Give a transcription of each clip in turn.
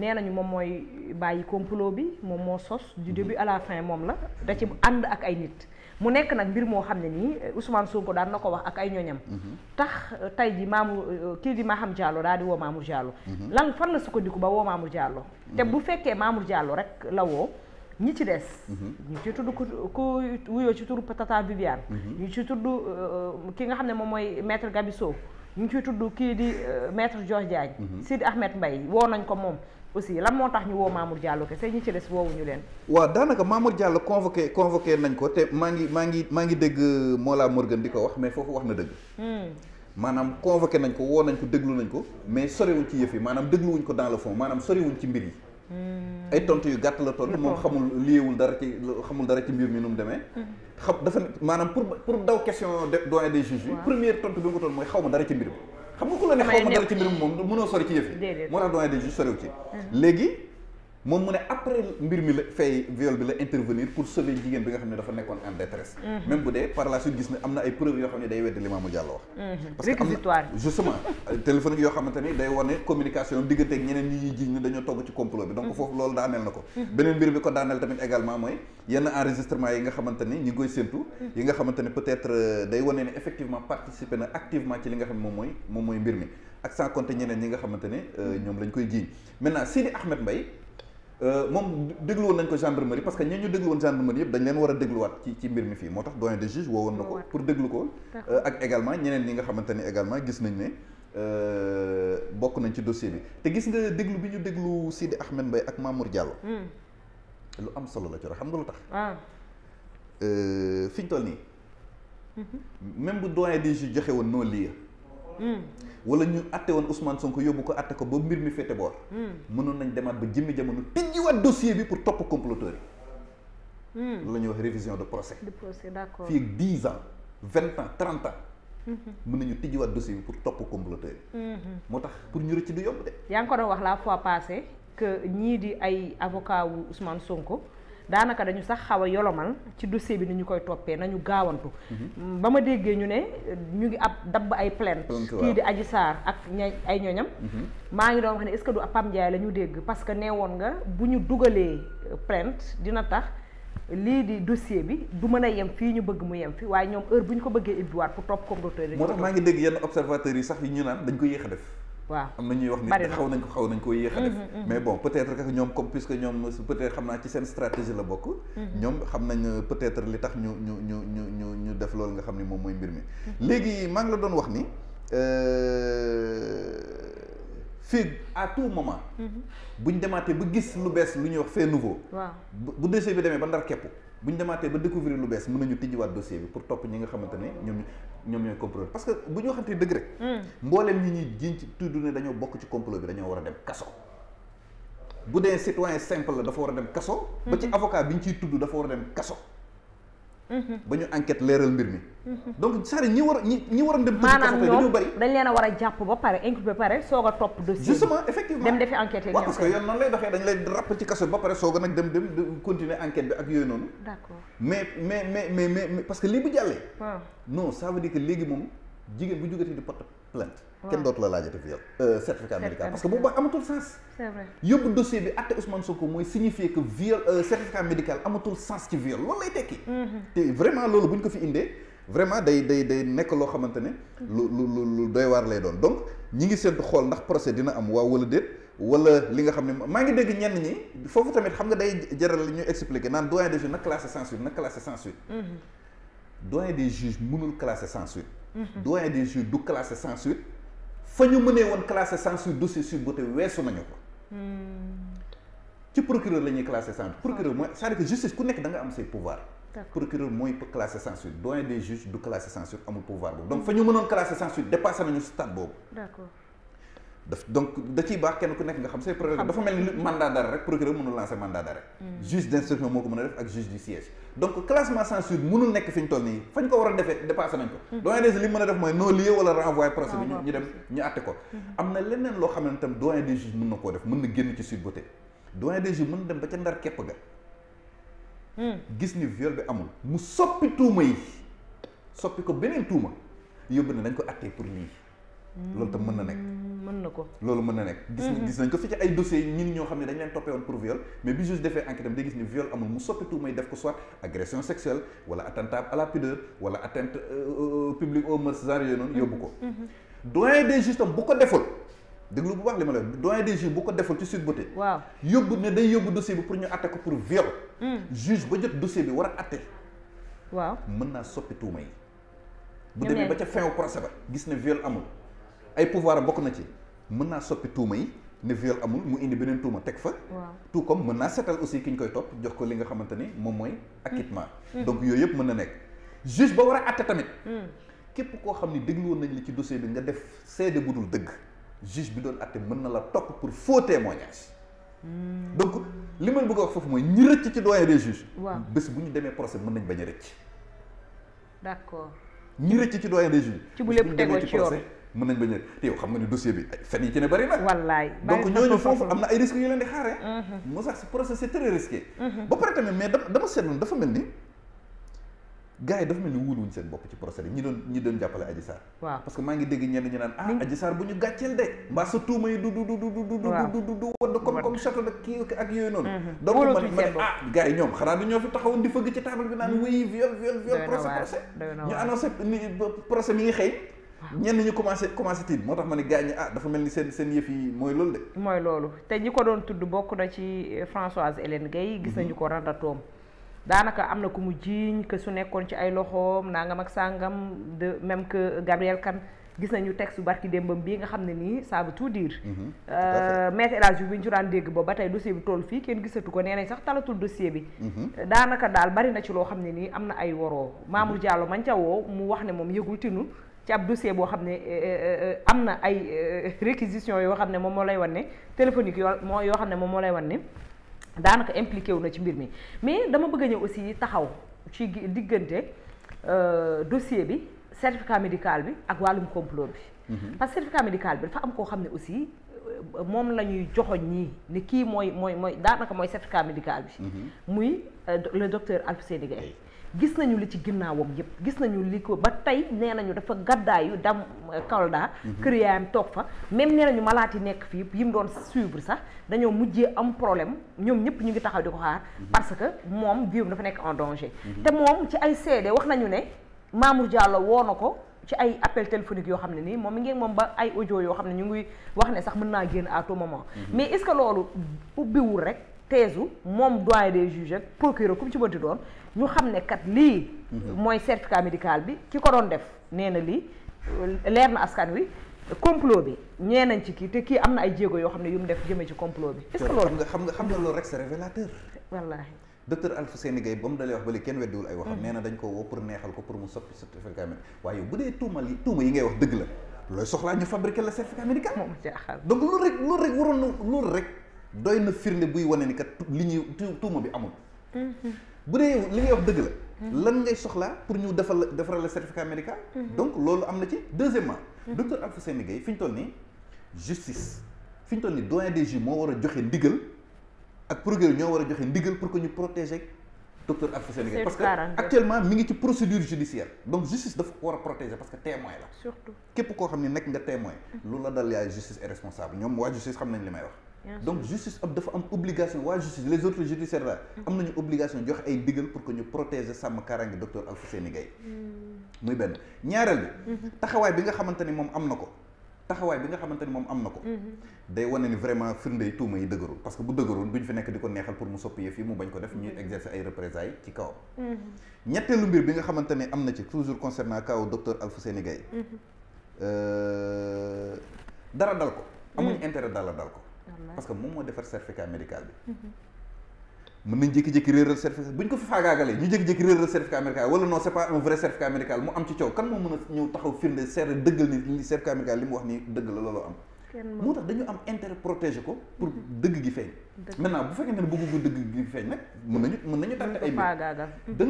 nee nañu moom mooy bàyyi complot bi moom moo sos du mhm. début à la fin moom la da ci ànd ak ay nit mu nekk nag mbir moo xam ne nii eh, Ousmane Sonko daan na ko wax ak ay ñoñam mhm. tax eh, tey ji Mamour eh, kii di xam Diallo daal di woo Mamour Diallo mhm. lan fan la sukkandiku ba woo Mamour Diallo te bu fekkee Mamour Diallo rek la woo ñi ci des ñu ci tudd ku ku wuyoo ci turu Tata Viviane ñu ci tudd ki nga xam ne moom mooy maître Gabisso ñu ngi ciy tudd kii di euh, maître George Diagne mhm. Sidi Ahmed Mbaye woo nañ ko moom aussi lan moo tax ñu woo Mamour Diallo kese ñu ci des ñu leen waaw daanaka Mamour Diallo convoqué convoqué nañ ko te maa ngi maa ngi maa ngi dégg euh, Mola Morgan di ko wax mais foofu wax na dëgg hmm. maanaam convoqué nañ ko woo nañ ko déglu nañ ko mais soriwuñ ci yëf yi maanaam dégluwuñ ko dans le fond maanaam soriwuñ ci mbir yi Hmm. ay tontu yu gàtt la tontu moom xamul liiwul dara ci xamul dara ci mbir mi nu mu demee hmm. xam dafa maanaam pour pour daw question doyen des juges yi première tontu bi nga ko tontu mooy xaw ma dara ci mbir mi xam nga ku la ne xaw ma dara ci mbir mi moom mënoo sori ci yëf yi moo tax doyen des juges soriw ci hmm. léegi moom mu ne après mbir mi la fay viol bi la intervenir pour sauver jigéen bi nga xam ne dafa nekkoon en détresse mhm. même bu dee par la suite gis ne am na ay preuves yoo xam ne day weddi li Mamour Diallo wax mhm. parce que am na justement euh, téléphonique yoo xamante ni day wane communication diggante ak ñeneen ñi ñuy jiñ ni dañoo togg ci complot bi donc mhm. foofu loolu daaneel na ko beneen mbir bi ko daaneel tamit également mooy yenn enregistrement yi nga xamante euh, na activement ci mooy moom mooy mbir mi nga xamante ne euh, ñoom lañ koy jiiñ maintenant Euh, moom déglu woon nañ ko gendarmerie parce que ñeen ñu déglu woon gendarmerie yëpp dañ leen war a dégluwaat ci ci mbir mi fii moo tax doyen de juge woowoon na ko pour déglu ko euh, ak également ñeneen ñi nga xamante ne également gis nañ ne euh, bokk nañ ci dossier bi te gis nga déglu bi ñu déglu Sidi Ahmed Mbaye ak Mamour Diallo hmm. lu am solo la coro xam nga lu tax ah. fi ñu toll nii mhm. même bu doyen de juge joxe woon non lieu hmm. wala ñu atte woon Ousmane Sonko yóbbu ko atte ko ba mbir mi féete boor. Hmm. mënoon nañ demaat ba jëmmi jamono tijjiwaat dossier bi pour topp comploteur yi. Hmm. la ñu wax révision de procès. de procès d'accord fii ak dix ans vingt ans trente ans. Hmm. mën nañu tijjiwaat dossier bi pour topp comploteur yi. moo tax pour ñu rëcc du yomb de. yaa ngi ko doon wax la fois passée que ñii di ay avocat wu Ousmane Sonko. daanaka dañu sax xaw a yolomal ci dossier bi ni ñu koy toppee nañu gaawantu mhm. ba ma déggee ñu ne ñu ngi ab dabb ay plainte kii di Adji Sarr ak ña ay ñoñam mhm. maa ngi doon wax ne est-ce que du Pam Ndiaye la ñu dégg parce que nee woon nga bu ñu dugalee euh, plainte dina tax lii di dossier bi du mën a yem fii ñu bëgg mu yem fi waaye ñoom heure bu ñu ko bëggee ibbiwaat pour topp comme docteur moo tax yi sax yi ñu naan dañ ko yéex def waaw am na ñuy wax ni xaw nañ ko xaw nañ ko yéex def mm-hmm, mais mm-hmm. bon peut-être ko ñoom comme puisque ñoom peut-être xam naa ci seen stratégie la bokk mm-hmm. ñoom xam nañ euh, peut-être li tax ñu ñu ñu ñu ñu ñu def loolu nga xam ni moom mooy mbir mi léegi maa ngi la doon wax ni euh, fii à tout moment buñ demaatee ba gis lu bees lu ñuy wax fait nouveau waaw bu dossier bi demee ba ndar képp bu ñu demaatee ba découvrir lu bees mën nañu tijjiwaat dossier bi pour topp ñi nga xamante ne ñoom ñoom ñooy complot parce que bu ñu waxantee dëgg rek. Hmm. mbooleem ñi ñuy jiñ ci tudd ne dañoo bokk ci complot bi dañoo war a dem kaso. bu dee citoyen simple la dafa war a dem kaso. ba ci hmm. avocat bi ñu ciy tudd dafa war a dem kaso. Mm-hmm. ba ñu enquête leeral mbir mi. Mm-hmm. donc saa ñi war ñi ñi war a dem. maanaam ñoom dañ leen a war a jàpp ba pare inculpé ba pare soog a topp dossier. justement effectivement dem defi enquête yi. waaw parce que yoon noonu lay doxee a nag dem dem continuer enquête bi ak yooyu noonu. d'accord mais mais mais mais mais parce que lii bu jàllee. non ça veut dire que léegi moom jigéen bu jógatee di pot plainte kenn dootu la laajate euh, viol certificat médical parce que boobu amatul sens yóbbu dossier bi àtte Ousmane Sonko mooy signifier que euh, certificat médical amatul sens ci viol loolu lay tekki mhm. te vraiment loolu bu ñu ko fi indee vraiment day day day nekk loo xamante ne lu lu lu doy waar lay doon donc ñi ngi seet xool ndax procès dina am waaw wala déet wala li nga xam ne maa ngi dégg ñenn ñi foofu tamit xam nga day jaral ñu expliquer naan doyen des juges fa ñu mënee woon classé censure dossier sur beauté weesu nañu ko. Hmm. ci procureur la ñuy classé censure ah. procureur mooy c'est-à-dire justice ku nekk da nga am ses pouvoir procureur mooy classé censure doyen des juges du classé censure amul pouvoir boobu donc fa ñu mënoon classé censure dépassé nañu stade boobu. daf donc da ciy baax kenn ku nekk nga xam say procureur dafa mel ni mandat d'arrêt rek procureur mënul lancer mandat d'arrêt hmm. juge d'instruction moo ko mën a def ak juge du siège donc classement censure mënul nekk fi ñu toll nii fañ ko war a defee dépassé nañ ko hmm. doyen des li mën a def mooy non lieu wala renvoyer procès bi ñu dem ñu àtte ko hmm. am na leneen loo xam ne tam doyen des juges mën na koo def mën na génn ci Sweet Beauté doyen des juges mën na dem ba ca mu soppi tuuma yi soppi ko beneen tuuma yóbbu ne dañ mën na ko loolu mën na nekk gis nañ mhm. gis nañ ko fi ci ay dossiers yi ñun ñoo xam ne dañ leen toppee woon pour viol mais bi juge defee enquête am day gis ni viol amul mu soppi tuuma yi def ko soit agression sexuelle wala attentat à la pudeur wala atteinte publique aux mœurs yóbbu ko mhm. doyen des juges tam bu ko deful déglu bu baax li ma la doyen des juges bu ko deful ci Sweet Beauté yóbbu ne day yóbbu dossier bi pour ñu atte ko pour viol mhm. juge ba bu demee ba ca fin gis ne viol amul ay pouvoir am bokk na ci mën naa soppi tuuma yi ne viol amul mu indi beneen tuuma teg fa. tout comme mën naa seetal aussi ki ñu koy topp jox ko li nga xamante ni moom mooy. acquittement mm. Mm. donc yooyu yëpp mën na nekk. juge ba war a àtte tamit. Mm. képp koo xam ni déglu woon nañ li ci dossier bi nga def seede bu dul dëgg juge bi doon àtte mën na la topp pour faux témoignage. donc li ma bëgg a wax foofu mooy ñi rëcc ci doyen des juges. waaw bés bu ñu demee procès mën nañ bañ a rëcc. d' accord ñi rëcc ci doyen des juges. ci bu lépp mën nañ bañ a te yow xam nga ne dossier bi fen yi ci ne bëri nag wallaay donc ñooñu foofu am na ay risques yu leen di xaare mhm. moo sax si procès c'est très risqué mhm. ba pare tamit mais dama seetlu dafa mel ni gars yi dafa mel ni wóoluwuñ seen bopp ci procès bi ñi doon ñi doon jàppale Adji Sarr waaw parce que maa ngi dégg ñenn ñu naan ah Adji Sarr bu ñu gàcceel de mbaa sa tuuma yi du du du du du du du du wadd comme comme château de kii ak yooyu noonu mhm. donc man ma ne ah gars yi ñoom xanaa du ñoo fi taxawoon di fëgg ci table bi naan wéy viol viol viol procès procès ñu annoncé ni procès mi ngi xëy ñenn ñu commencé commencé tiit moo tax ma ne gars ñi ah dafa mel ni seen seen yëf yi mooy loolu de. mooy loolu te ñi ko doon tudd bokk na ci eh, Françoise Hélène Guèye gis nañu mhm. ko randatoom daanaka am na ku mu jiiñ que su nekkoon ci ay loxoom nga ak sàngam de même que Gabriel Kane gis nañu texte barki démbam bii nga xam ne nii ça tout dire. Mhm, euh, maître El Hadj bi ñu dégg ba ba tey dossier bi tool fii kenn gisatu ko nee nañ sax talatul dossier bi. Mhm. daanaka daal bari na ci loo xam ne nii am na ay woroo Mamour Diallo man ca mu wax ne moom yëgul tinu ci ab dossier boo xam ne euh, euh, euh, am na ay réquisition yoo xam ne moom moo lay wan ne téléphonique yoo moo yoo xam ne moom moo wan ne daanaka impliqué wu na ci mbir mi mais dama bëgg a ñëw aussi taxaw ci diggante dossier bi certificat médical bi ak wàllum complot bi mhm. parce que certificat médical bi dafa am koo xam ne aussi moom la ñuy joxoñ ñii ne kii mooy mooy mooy daanaka mooy certificat médical bi mhm. muy le docteur Alfousseyni Gaye gis nañu li ci ginnaawam yëpp gis nañu li ko ba tey nee nañu dafa gàddaayu dem euh, Kolda. Mhm. kër yaayam toog fa même nee nañu malaat yi nekk fii yi mu doon suivre sax dañoo mujjee am problème ñoom ñëpp ñu ngi taxaw di ko xaar. Mhm. parce que moom biirum dafa nekk en danger. Mhm. te moom ci ay seede wax nañu ne Mamour Diallo woo na ko. ci ay appel téléphonique yoo xam ne nii moom mi ngeen moom ba ay audio yoo xam ne ñu ngi wax ne sax mën naa génn à tout moment. mais est que loolu ubbiwul rek. teesu moom doyen des juges ak procureur ku mu ci mënti doon ñu xam ne kat lii mooy certificat médical bi ki ko doon def nee na lii leer na askan wi complot bi ñee ci kii te kii am na ay jéego yoo xam ne yu mu def jëmee ci complot bi est xam nga xam rek c'est révélateur wallaahi docteur Alfousseyni Gaye ba mu mm. ko yi tuuma yi ngay la looy soxlaa loolu rek loolu rek doy na firnde buy wane ni kat li ñuy tuuma bi amul. Mhm. bu dee li ngay wax dëgg la. Mhm. lan ngay soxlaa pour ñu defal la defaral la certificat médical. Mhm. donc loolu am na ci deuxièmement. docteur Alfousseyni Gaye fi ñu toll nii justice fi ñu moo war a joxe ndigal ak procureur ñoo war a joxe ndigal pour que ñu protéger docteur Alfousseyni Gaye parce que actuellement mi ngi ci procédure judiciaire donc justice dafa ko war a protéger parce que témoin la. surtout képp koo xam ne nekk n témoin. loolu la dal yaay justice est responsable xam nañ li may wax. donc justice ab dafa am obligation waa justice les autres judiciaires là mm-hmm. am nañu obligation jox ay ndigal pour que ñu protéger sàmm kaaraange docteur Alfousseyni Gaye mm. muy benn ñaareel bi mm-hmm. taxawaay bi nga xamante ni moom am na ko taxawaay bi nga xamante ni moom am na ko mm-hmm. day wane ni vraiment firnde yi tuuma yi dëgërul parce que bu dëgëroon duñ fi nekk di ko neexal pour mu soppi yëf yi mu bañ ko def ñuy exercer ay représailles ci kawam ñetteelu mbir bi nga xamante ne am na ci toujours concernant kaw docteur Alfousseyni Gaye euh, dara dal ko amuñ intérêt dara dal ko parce que moom moo defar certificat médical bi. Mhm. mën nañ jékki-jékki réeral certificat bu ñu ko fi faagaagalee ñu jékki-jékki réeral certificat médical wala non c'est un vrai certificat médical mu am ci coow kan moo mën a ñëw taxaw firnde seere dëggal ni li médical li mu wax ni dëgg la looloo am. moo tax dañu am intérêt ko pour mhm. dëgg gi feeñ maintenant bu fekkee ne bëggu dëgg gi feeñ nag mën nañu mën nañu tànn ay mbir da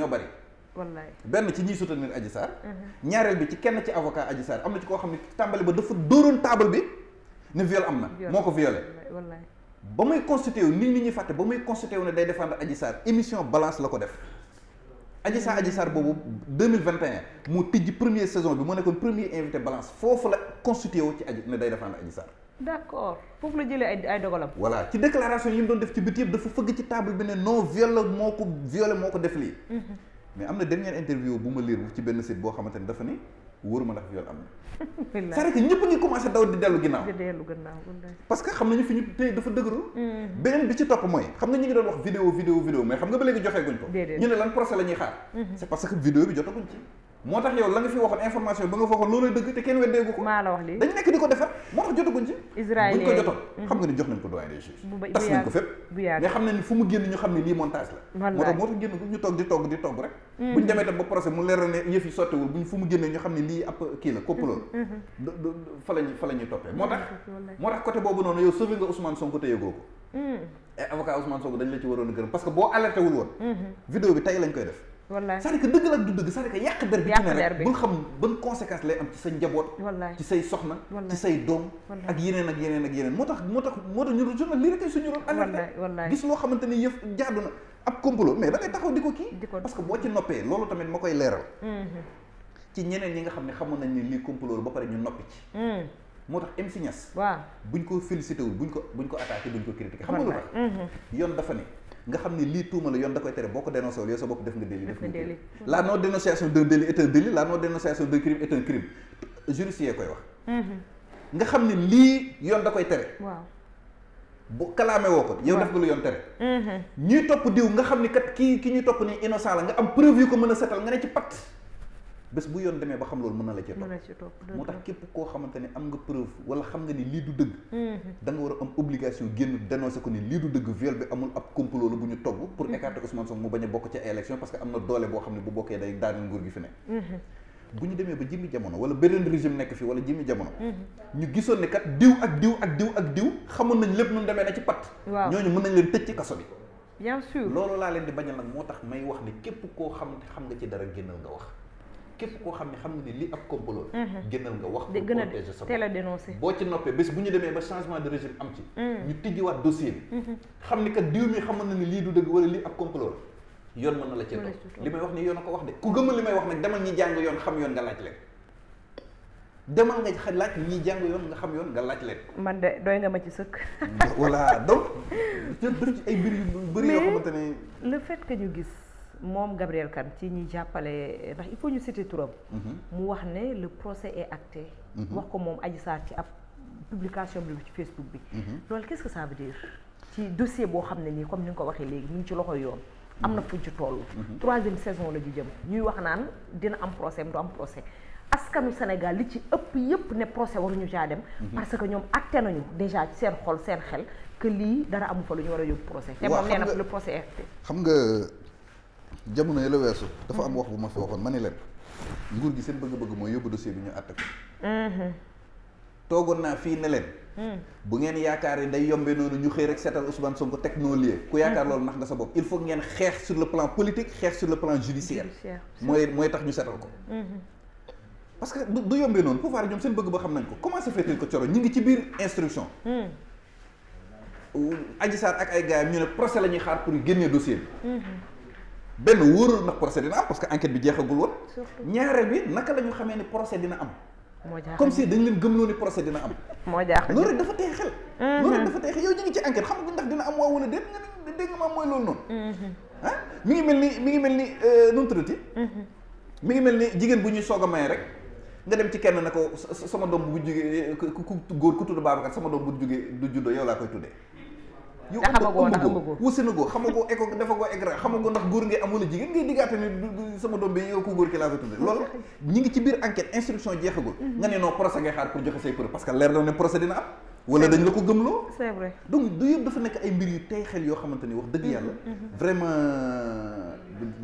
mhm. nga wallaay benn ci ñiy soutenir Adji Sarr mhm. ñaareel bi ci kenn ci avocat Adji Sarr am na ci koo xam ne tàmbali ba dafa dóoroon table bi ne viol am na moo ko violé wallaay ba muy constitué wu nit ñi ñuy fàtte ba muy constitué wu ne day défendre Adji Sarr émission balance la ko def Adji Sarr Adji Sarr boobu 2021 mu tijji première saison bi mu nekkoon premier invité balance foofu la constitué wu ci Adji ne day défendre Adji Sarr d' foofu la jëlee ay ay dogalam. voilà ci déclaration yi mu doon def ci biti yëpp dafa fëgg ci table bi ne non viol moo ko violé moo ko def lii. Mhm. mais am na dernière interview bu ma lire ci benn site boo xamante ni dafa ni wóoruma ndax viol am na. c'est vrai que ñëpp ñu commencé daw di dellu ginnaaw. parce que xam nañu fi ñu tey dafa dëgëru. Mm-hmm. beneen bi ci topp mooy xam nga ñu ngi doon wax vidéo vidéo vidéo mais xam nga ba léegi joxeeguñ ko. ñu ne lan procès la xaar. Mm-hmm. parce que vidéo bi jotaguñ ci. moo tax yow la nga fi waxoon information ba nga foogoon looloo dëgg te kenn weddeegu ko maa nekk di ko defar moo tax jotaguñ ci israélien buñ ko jotoon mhm. xam nga ni jox nañ ko doyen des juges moo tax moo tax génn boobu noonu yow sauvé nga Ousmane Sonko te yëgoo ko mhm. eh, avocat Ousmane Sonko dañ la ci waroon gërëm parce que boo alerté woon mhm. vidéo bi tey lañ koy def wallaay cest à dëgg la du dëgg saa à dire yàq der bi ci ne rek bu xam ban conséquence lay am ci sa njaboot ci say soxna ci say doom ak yeneen ak yeneen ak yeneen moo tax moo tax moo tax ñun journal lii rek suñu xamante ni yëf jaadu na ab complot mais da taxaw di ko kii parce boo ci noppee loolu tamit ma koy leeral mm-hmm. ci ñeneen ñi nga xam ne xamoon nañ ne lii complot ba pare ñu noppi ci mm. moo tax MC Niass waaw buñ ko félicité wul buñ ko buñ ko attaqué buñ ko critiqué xam nga lu tax mm-hmm. yoon dafa ne nga xam ne lii tuuma la yoon da koy tere boo ko dénoncé wul yow sa bopp def nga délit def nga crime la non dénonciation d'un délit est un délit la non dénonciation d'un crime est un crime juriste yee koy wax mhm. nga xam ne lii yoon da koy tere bu kalaame woo ko yow def nga lu yoon tere mhm. ñuy topp diw nga xam ne kat kii ki ñuy topp ni innocent la nga am preuve yu ko mën a setal nga ne ci pat bés bu yoon demee ba xam loolu mën na la ci topp moo tax képp koo xamante am nga preuve wala xam nga ni lii du dëgg mm-hmm. da war a am obligation génn dénoncer ko ni lii du dëgg viol bi amul ab complot la bu ñu togg pour mm-hmm. écarter Ousmane Sonko mu bañ a bokk ci ay élection parce que am na doole boo xam ne bu bokkee day daaneel nguur gi fi ne mm-hmm. bu ñu demee ba jëmmi jamono wala beneen régime nekk fi wala jëmmi jamono ñu gisoon ne kat diw ak diw ak diw ak diw xamoon nañ lépp nun demee na ci pat ñooñu mën nañ leen tëj ci kaso bi bien sûr loolu laa leen di bañal nag xam xam nga ci dara génnal nga wax képp koo xam ne xam ne lii ab complot mhm. gënal nga wax pour protéger a dénoncé boo ci noppee bés bu ñu demee ba changement de régime am ci mhm. ñu tijjiwaat dossier bi mhm. xam ni kat diw mi xamoon na ni lii du dëgg wala lii ab complot yoon mën na la cee topp li may wax ni yoon a ko wax de ku gëmal li may wax nag demal ñi jàng yoon xam yoon nga laaj leen demal nga laaj ñi jàng yoon nga xam yoon nga laaj leen man de doy nga ma ci sëkk voilà donc ay mbir yu bëri yoo moom Gabriel Kane ci ñi jàppale ndax il faut ñu citer turam. Mhm. mu wax ne le procès est acté. Mhm. wax ko moom Adji Sarr ci ab publication bi ci Facebook mhm. loolu qu'est-ce que ci dossier boo xam ne nii comme ni nga ko waxee léegi ñu ngi ci loxo yoon. am na fuñ ci toll. troisième saison la ju jëm ñuy wax naan dina am procès du am procès askanu Sénégal li ci ëpp yëpp ne procès waruñu caa dem. parce que ñoom atte nañu déjà ci seen xol seen xel que lii dara amu fa lu ñu war a yóbbu procès. te moom na le procès xam nga. jamono yi la weesu. dafa am mhm. wax bu ma fi waxoon ma ne leen nguur gi seen bëgg-bëgg mooy yóbbu dossier bi ñu àtte ko. Mhm. toogoon naa fii ne leen. Mm. bu ngeen yaakaar yi day yombe noonu ñu xëy rek seetal Ousmane Sonko teg non lieu ku yaakaar mm-hmm. loolu nax nga sa bopp. il faut ngeen xeex sur le plan politique xeex sur le plan judiciaire. mooy mooy tax ñu seetal ko. Mm-hmm. parce que du yombee noonu pouvoir ñoom seen bëgg ba xam nañ ko comment se fait-il que Coro ñu ngi ci biir instruction. Mm. la ñuy xaar pour génnee benn wóorul nag procès dina am parce que enquête bi jeexagul woon. ñaare bi naka la ñu xamee ni procès dina am. comme si dañ leen gëmloo ni procès dina am. moo jaaxal mm-hmm. loolu rek dafa tey xel. loolu rek dafa tey xel yow ñu ngi ci enquête xamaguñ ndax dina am waa wala déet nga dégg nga maam mooy loolu noonu. Mm-hmm. ah mi ngi mel ni mi ngi mel ni euh, nu mu mm-hmm. mi ngi mel ni jigéen bu ñuy soog a maye rek. nga dem ci kenn ne ko sama doom bu jugee ku góor ku tudd Babacar sama doom bu jugee du juddoo yow laa koy tuddee. yow xamagoo ndax amagoo wusinagoo xamagoo éco dafagoo écran xamagoo ndax góor ngay amul jigéen ngay diggaate ni sama doom bi yow ko góor ki laa ko tudde loolu ñi ngi ci biir enquête instruction jeexagul mm-hmm. nga ne non procès ngay xaar pour joxe say preuve parce que leer na ne procès dina am wala dañ la ko gëmloo c'est vrai donc du yëpp dafa nekk ay mbir yu tey xel yoo xamante ni wax dëgg mm-hmm. yàlla mm-hmm. vraiment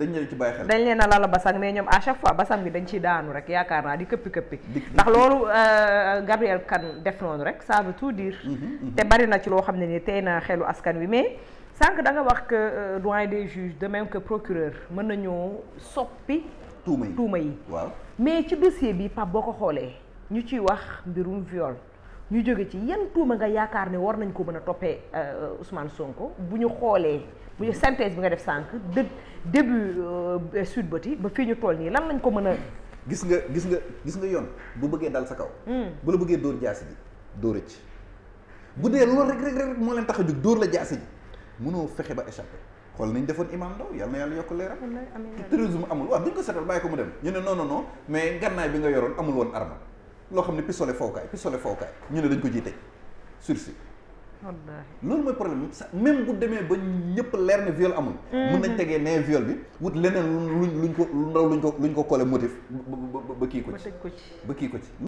dañ leen ci bàyyi xel dañ leen la lala basang mais ñoom à chaque fois basang bi dañ ciy daanu rek yaakaar naa di këppi këppi ndax loolu euh, Gabriel Kane def noonu rek ça veut tout dire mm-hmm, te bari na ci loo xam ne ni tey na xelu askan wi mais sànq da nga wax que euh, doyen des juges de même que procureur mën nañoo soppi tuuma yi tuuma yi waaw mais ci dossier bi Pape boo ko xoolee ñu ciy wax mbirum viol ñu jóge ci yan tuuma nga yaakaar ne war nañ ko mën a toppee euh, Ousmane Sonko bu ñu xoolee bu ñu synthèse bi nga def sànq dé début euh, sud bati ba fii ñu tool nii lan lañ ko mën a. gis nga gis nga gis nga yoon bu bëggee dal sa kaw. Hmm. bu la bëggee dóor jaasi ji dóor ci bu dee loolu rek rek rek moo leen tax a jóg dóor la jaasi ji mënoo fexe ba échappé xool nañ defoon imam Ndao yal na yàlla yokk leeram terrorisme amul waaw duñ ko setal bàyyi ko mu dem ñu ne noonu non mais gannaay bi nga yoroon amul woon arme loo xam ne pistolet fawkaay pistolet fawkaay ñu ne dañ ko ciy tëj sursis loolu mooy problème même bu demee ba ñëpp leer ne viol amul mhm. mën nañ tegee nee viol bi wut leneen luñ luñ ko ndaw luñ ko luñ ko collé motif ba kii ko ci ba kii ko ci